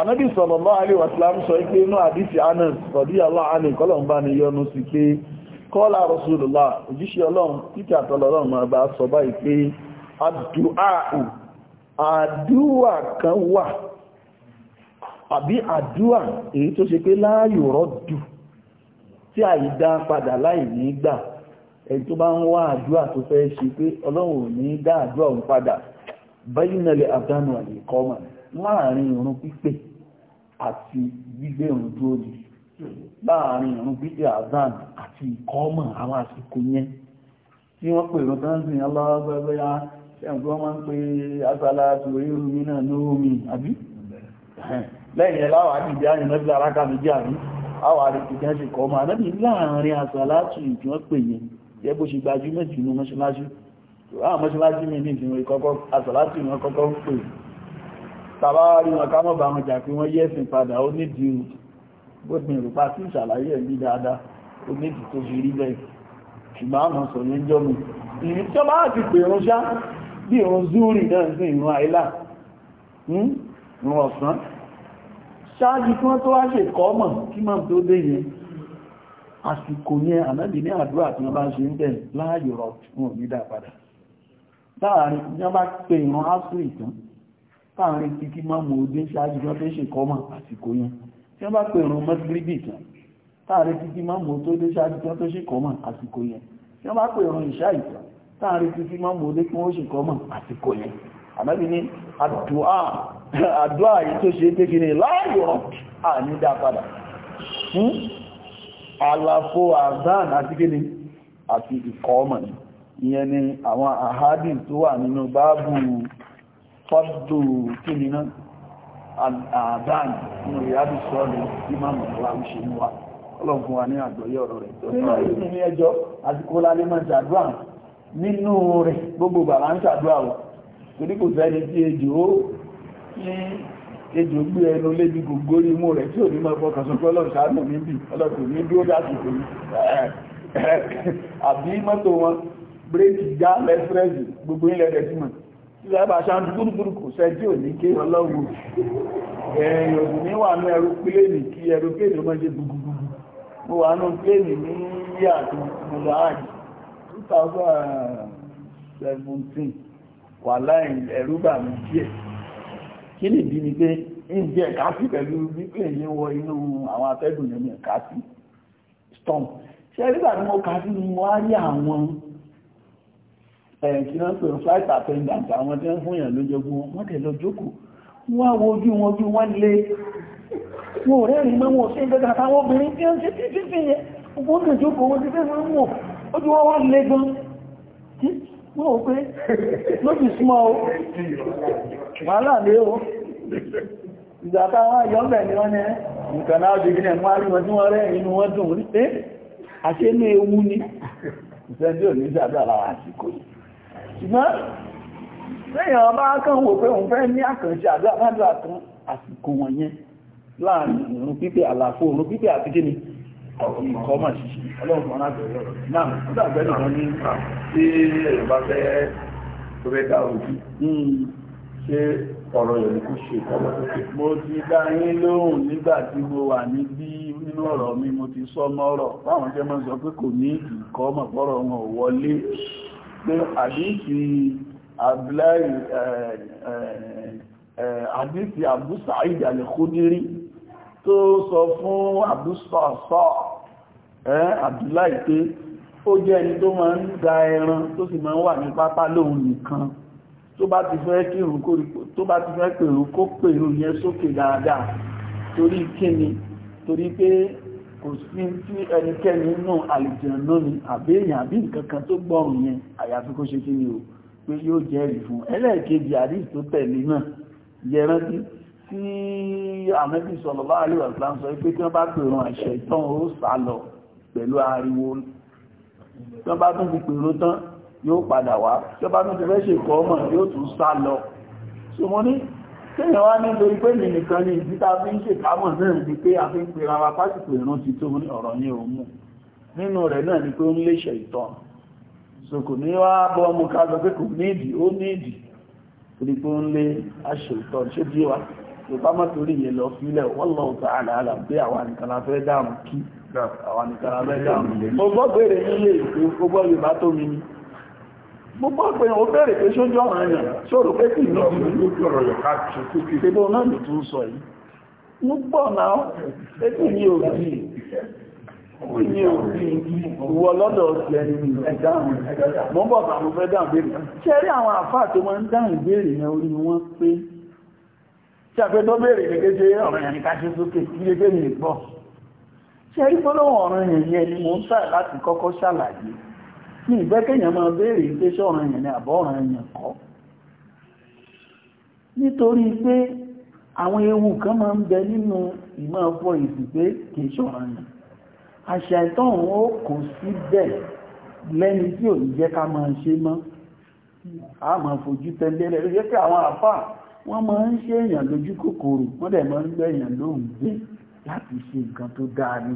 anábì sallallahu alaihi wasallam sọ pé inú àdísì anas radiyallahu anhu kọ́lọ̀ bá yọnu sí pé kọ́lá rasulullah òjíṣẹ́ ọlọ́run ẹni tó bá ń wá àdúrà tó fẹ́ ṣe pé ọlọ́run ní dá àdúrà padà báyìí náà lè àdánù láàrin ìrun pípé àti gbígbé ìrun dúró ni láàrin ìrun pípé àdán àti ìkọ́mà àwọn àsìkò yẹn tí wọ́n pè tán sìn omi náà àbí lẹ́yìn ẹ̀ láwàá jẹ́ láàrin jẹ́ bó ṣe gbajúmọ̀ sí inú mọ́ṣáláṣí àwọn mọ́ṣáláṣí mi ní ìsinmi kọ́kọ́ àsàlátì wọn kọ́kọ́ ń pè tàbá rí wọn ká mọ́bà wọn jà pé wọ́n yẹ́sìn padà ó nídìí gbógbin ìrùpá sí ìṣàlàyé ẹ̀mí dáadáa ó nídìí tó fi rí bẹ́ẹ̀ ṣùgbọ́n àmọ́ sọ yẹn jọ mi ìrìn tó bá ti pè irun ṣá bí irun zúrì náà sí irun àìlà irun hmm, ọ̀sán ṣáájú kí wọ́n àsìkò yẹn ànábì ní àdúrà tí wọ́n bá ṣe ń bẹ̀ láàyò rọ̀ wọn ò ní dá padà láàrin yọ́n bá pe ìran áṣù ìtàn láàrin tí kí máa mú odé ṣáájú tó fẹ́ ṣèkọ́ mà àsìkò yẹn tí wọ́n bá pe ìran mọ́tíríbì ìtàn láàrin tí kí máa mú tó dé ṣáájú tó fẹ́ ṣèkọ́ mà àsìkò yẹn tí wọ́n bá pe ìran ìṣá ìtàn láàrin tí kí máa mú odé fún òṣèkọ́ mà àsìkò yẹn ànábì ní àdúà àdúà yìí tó ṣe é pé kí ni àlàfo azan àti kíni àti ìkọ́ọ̀mọ̀ ìyẹn ni àwọn àhádì tó wà nínú báàbù fọ́dù kíni àdán nínú ìyádù sọ́ọ̀lù ìmáàmù ọlọ́gbọ̀n wa ní àgbọ́yé ọ̀rọ̀ rẹ̀ ejò gbé ẹnu lébi gbogbo imú rẹ̀ tí ò ní mọ́ fọkàn sọ pé ọlọ́run ṣàánú mi bì ọlọ́run ní dúró dásìkò yìí àbí mọ́tò wọn bírèkì já lẹ́sírẹ́sì gbogbo ilẹ̀ rẹ̀ símọ̀ tí sábà ṣáájú gbúrúgbúrú kò sẹ́ tí ò ní ké ọlọ́run ẹ̀yìn òsì ní wà ní ẹrú pílẹ̀nì kí ẹrú pílẹ̀nì mọ́ ṣe gbogbo mo wà nú pílẹ̀nì ní yíyà àti mọ̀lá àjì 2017 wà láì ẹ̀rú bà díẹ̀ kí lè bí ni pé ìdí ẹ̀ka sí pẹ̀lú wípé èyí wọ inú àwọn atẹ́gùn nínú ẹ̀ka sí storm ṣe nígbà tí mo kà sí ni mo á rí àwọn ẹ̀kí náà pẹ̀lú flight attendant àwọn tí wọ́n fún èèyàn lójogún wọ́n tẹ̀ lọ jókòó wọ́n wo ojú wọn ojú wọn lé wọn ò rẹ́rìn mọ́ wọn ṣe ń gẹ́gẹ́ àtàwọn obìnrin tí wọ́n ṣe wọ́n ò pé ló ti súnmọ́ o wàhálà lé o ìgbàta wọ́n yọ́bẹ̀ ni wọ́n ní nǹkan náà di gínẹ̀ mọ́ àríwọ̀n tí wọ́n rẹ̀ inú wọ́n dùn rí pé àṣẹ ní ewu ni ìṣẹ́jú ò ní ìṣàdá lára àsìkò ṣùgbọ́n lẹ́yìn ọba kan wò pé òun fẹ́ ní àkànṣe àdúrà kan àsìkò wọ̀nyẹn láàrin òun pípẹ́ àlàfo òun pípẹ́ àti ìkọ́ mà ṣíṣe ọlọ́run kan láti ọ̀rọ̀ náà nígbà bẹ́ẹ̀ nìkan ní tí èèyàn bá fẹ́ tó nínú ọ̀rọ̀ mi mo ti sọ mọ́rọ̀ báwọn jẹ́ máa sọ pé kò ní ìkọ́mọ̀ fọ́rọ̀ wọn ò wọlé pé àdéhìí àbúláì àdéhìí tó sọ fún àbúsọ̀sọ̀ Abdullahi pé ó jẹ́ ẹni tó máa ń da ẹran tó sì máa ń wà ní pápá lóhun nìkan tó bá ti fẹ́ pèrò kó pèrò yẹn sókè dáadáa torí kíni torí pé kò sí tí ẹnikẹ́ni nù àlìjẹ̀nà ni àbẹ́yìn àbí nǹkankan tó gbọ́rùn yẹn àyàfi kó ṣe kí ni o pé yóò jẹ́rìí fún ẹlẹ́ẹ̀kejì àdìs tó náà yẹrántí tí ànábì sallallahu alaihi wasallam sọ pé tí wọ́n bá pèrún àṣẹ tán ó sá lọ pẹ̀lú ariwo tí wọ́n bá tún ti pèrún tán yóò padà wá tí wọ́n bá tún ti fẹ́ ṣe kọ́ mọ̀ yóò tún sá lọ so mo ní kéèyàn wá ní lórí pé mi nìkan ni ìdí tá a fi ń ṣe kámọ̀ náà ni pé a fi ń pera wa pásìkò ìran ti tó ní ọ̀rọ̀ yẹn ò mú nínú rẹ̀ náà ni pé ó ń léṣẹ̀ ìtàn so kò ní wá bọ́ ọmọ ká sọ pé kò ní ìdí ó ní ìdí torí pé ó ń lé aṣọ ìtàn ṣé bí wa ìbá má torí yẹn lọ sílẹ̀ wallahu ta'ala a'lam pé àwọn nìkan la fẹ́ dáàmú kí àwọn nìkan la fẹ́ dáàmú. mo gbọ́ bèrè nílé ìpè gbogbo yorùbá tó mi ni mo gbọ́ pé ó bèrè pé sójú ọ̀ràn yẹn sọ̀rọ̀ pé kì í ní ìlú ìbò náà ló tún sọ yìí mo gbọ́ náà pé kì í ní òbí ó ní òbí ìwọ tí a fẹ́ tó bèèrè gẹ́gẹ́ ṣe ọ̀rọ̀ yẹn ká ṣe sókè ilé pé mi gbọ́ ṣe rí gbọ́lọ́wọ̀n ọ̀rọ̀ yẹn yẹn ni mo ń sà láti kọ́kọ́ ṣàlàyé ní ìgbẹ́kẹ̀yàn máa ni àbọ̀ ọ̀rọ̀ yẹn kọ́ nítorí pé àwọn ewu kan máa ń bẹ nínú ìmọ̀ ọ̀pọ̀ ìsìnkú kì í ṣọ̀rọ̀ yẹn àṣà ìtọ́hùn ó kò síbẹ̀ lẹ́ni tí ò ní jẹ́ ká máa ṣe mọ́ a máa fojú tẹ́lẹ̀ rẹ̀ yẹ́ pé àwọn àfáà wọ́n máa ń ṣe èèyàn lójú kòkòrò wọ́n dẹ̀ máa ń gbé èèyàn lóhùn gbé láti ṣe nǹkan tó dáa ni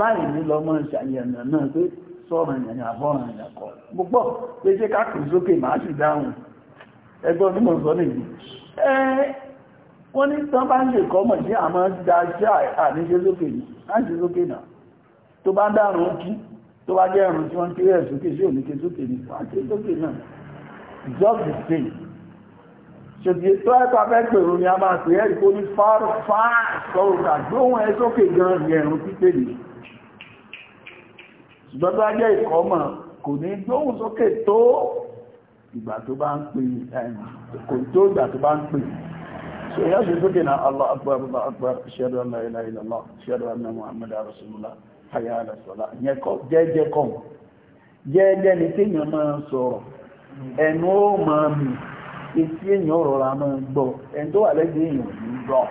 láì ní lọ mọ́ ṣàyẹ̀nà náà pé sọ̀rọ̀ ìyànà àbọ̀ràn ìyàkọ̀ púpọ̀ pé ṣe káàkiri sókè máa sì dáhùn ẹgbọ́n ní mọ̀ sọ nìyí wọ́n ní tán bá ń lè kọ́ mọ̀ sí àmọ́ dáṣẹ́ àníṣe sókè ní láti sókè náà tó bá dárùn kí tó bá jẹ́ ẹ̀rùn tí wọ́n kéré ẹ̀ sókè sí òní ké sókè ní wọ́n ké sókè náà just the ṣòdì tó ẹ́kọ́ afẹ́gbèrú ni a máa pè ẹ́rì kó ní fáàrù fáà sọ́rùkà gbóhùn ẹ sókè gan ní ẹ̀rùn pípé lè ṣùgbọ́n tó ajẹ́ ìkọ́mọ̀ kò ní gbóhùn sókè tó ìgbà tó bá ń pè kò tó ìgbà tó bá ń pè ṣe yá ṣe sókè na Allah akbar Allah akbar ṣẹ́dọ̀ ọ̀nà ilẹ̀ ilẹ̀ lọ ṣẹ́dọ̀ ọ̀nà Muhammad Rasulullah hayá alẹ́ sọ́lá jẹ́jẹ́ kọ̀ jẹ́jẹ́ ni kéèyàn máa sọ̀rọ̀ ẹnu ó máa mì etí èèyàn rọra máa ń gbọ́ ẹni tó wà lẹ́gbẹ̀ẹ́ èèyàn ní gbọ́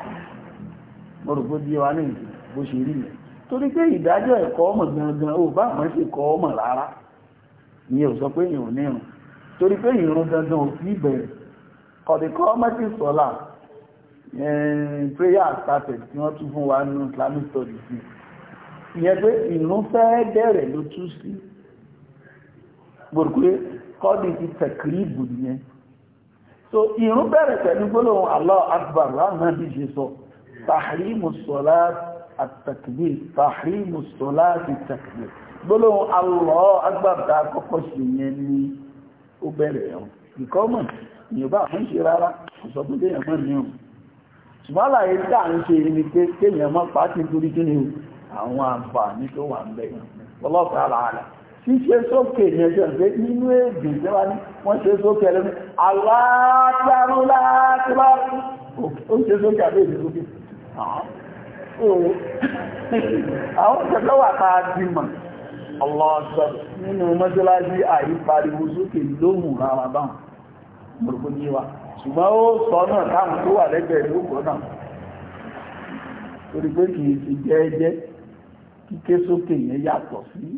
mo rò pé díẹ̀ wá ní ìdí bó ṣe rí yẹn torí pé ìdájọ́ ẹ̀kọ́ ọmọ gangan ò bá àwọn ṣe kọ́ ọmọ rárá ìyẹn ò sọ pé èèyàn ò ní ìrun torí pé ìrun gangan ò sí ìbẹ̀rẹ̀ kọ̀dìkọ́ ọmọ sí sọ́là prayer started tí wọ́n tún fún wa nínú islamic studies ìyẹn pé ìrun fẹ́ bẹ̀rẹ̀ ló tú sí gbòròkúrẹ́ kọ́dì ti tẹ̀kìrì ìbùdó yẹn so irun bẹ̀rẹ̀ pẹ̀lú gbólóhùn Allah akbar láàrín bí ṣe sọ tahrimu salat at-takbir tahrimu salat at-takbir gbólóhùn kọ́kọ́ sí yẹn ní ó bẹ̀rẹ̀ ẹ̀hùn ìkọ́mọ̀ bá fún ṣe rárá ni ni wọ́n ṣe sókè lẹ́nu aláàtàrú láti bá ó ṣe sókè àbẹ́ẹ̀dì sókè àwọn ìṣẹ́kọ́ wà táa ti mọ̀ ọlọ́ọ̀tọ̀ nínú mọ́sálásí àyípariwo sókè lóhùn rárá báwọn gbogbo ní wa ṣùgbọ́n ó sọ náà táwọn tó wà lẹ́gbẹ̀ẹ́ ló gbọ́ náà torí pé kìí ti jẹ́ẹ́jẹ́ kíké sókè yẹn yàtọ̀ sí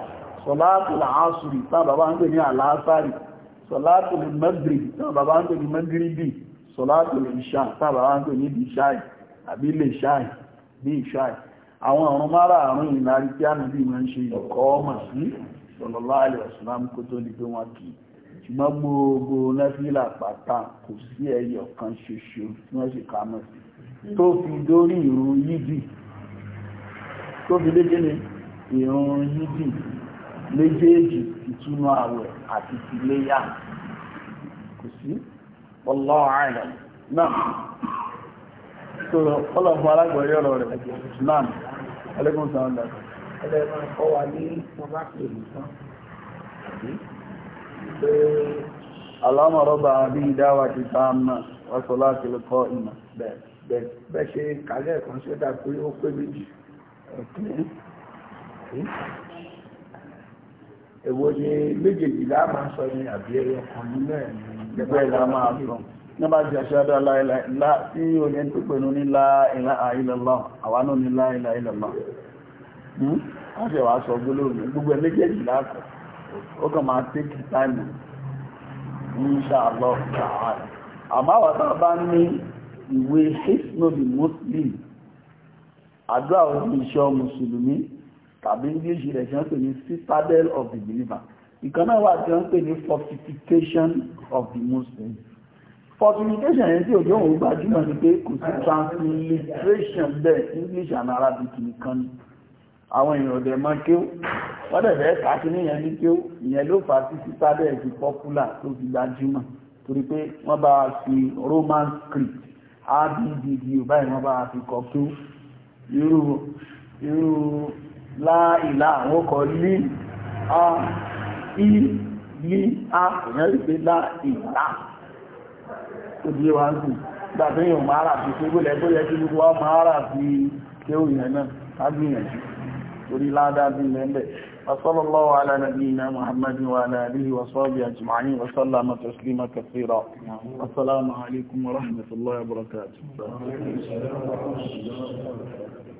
sọ̀látù àásùrì tán bàbá ń pè ní àlásàrì sọ̀látù lè mẹ́gbìrì tán bàbá ń pè ní mẹ́gbìrìbì sọ̀látù lè ìṣà tán bàbá ń pè ní ìṣáì àbí lè ṣáì bí ìṣáì àwọn ọ̀run márààrún ìlàrí tí a nìbí máa ń ṣe ìkọ́ ọmọ sí sallallahu alaihi wasallam kó tó di pé wọ́n kì í ṣùgbọ́n gbogbo nẹ́fílà pátá kò sí fi dórí ìrun yídì tó méjèèjì ìtúnú àwẹ̀ àti tìléyà kò sí wallahu a'lam náà tó ọlọ́pọ̀ alágbọ̀rí ọ̀rọ̀ rẹ̀ náà ẹlẹ́gùn sàúndà ẹlẹ́gùn ọkọ̀ ní ọba pẹ̀lú tán èwo ni méjèèjì láà máa sọ ní àbí ẹyọ kan ní náà nígbẹ́ ìlà máa sọ nígbà tí a ṣe àdá láìláìlá tí oní tó pẹ̀lú ní láìláà ilẹ̀lá àwa náà ní láìláà ilẹ̀lá a hmm? ṣe wàá sọ gbólóòmù gbogbo méjèèjì láàkọ̀ ó kàn máa tẹ́kì táìmù inshallah ta'ala àmọ́ bá ní ìwé hisnobi muslim àdúrà òfin ìṣọ́ mùsùlùmí tàbí english rẹ̀ ṣe ń pè ní citadel of the believer ìkan náà wà tí ń pè ní fortification of the muslim fortification yẹn tí òjò òun gbajúmọ̀ ni pé kò sí transliteration bẹ́ẹ̀ english and arabic nìkan ni àwọn èèyàn ọ̀dẹ̀ máa kéwú wọ́n dẹ̀ fẹ́ kà sí níyẹn ní kéwú ìyẹn ló fà sí citadel ti popular tó fi gbajúmọ̀ torí pé wọ́n bá fi roman script rbbb báyìí wọ́n bá fi kọ́ kéwú irú irú láìlá àwọn ọkọ̀ lí a í lí a èyàn rí pé láìlá tó bí wá ń sì gbàtí yóò máa rà fi pé lẹ́ tó yẹ kí gbogbo wá máa rà fi ké òyìn náà lágbìyànjú torí ládá bí mẹ́lẹ̀ وصلى على نبينا محمد وعلى آله والسلام عليكم ورحمة الله وبركاته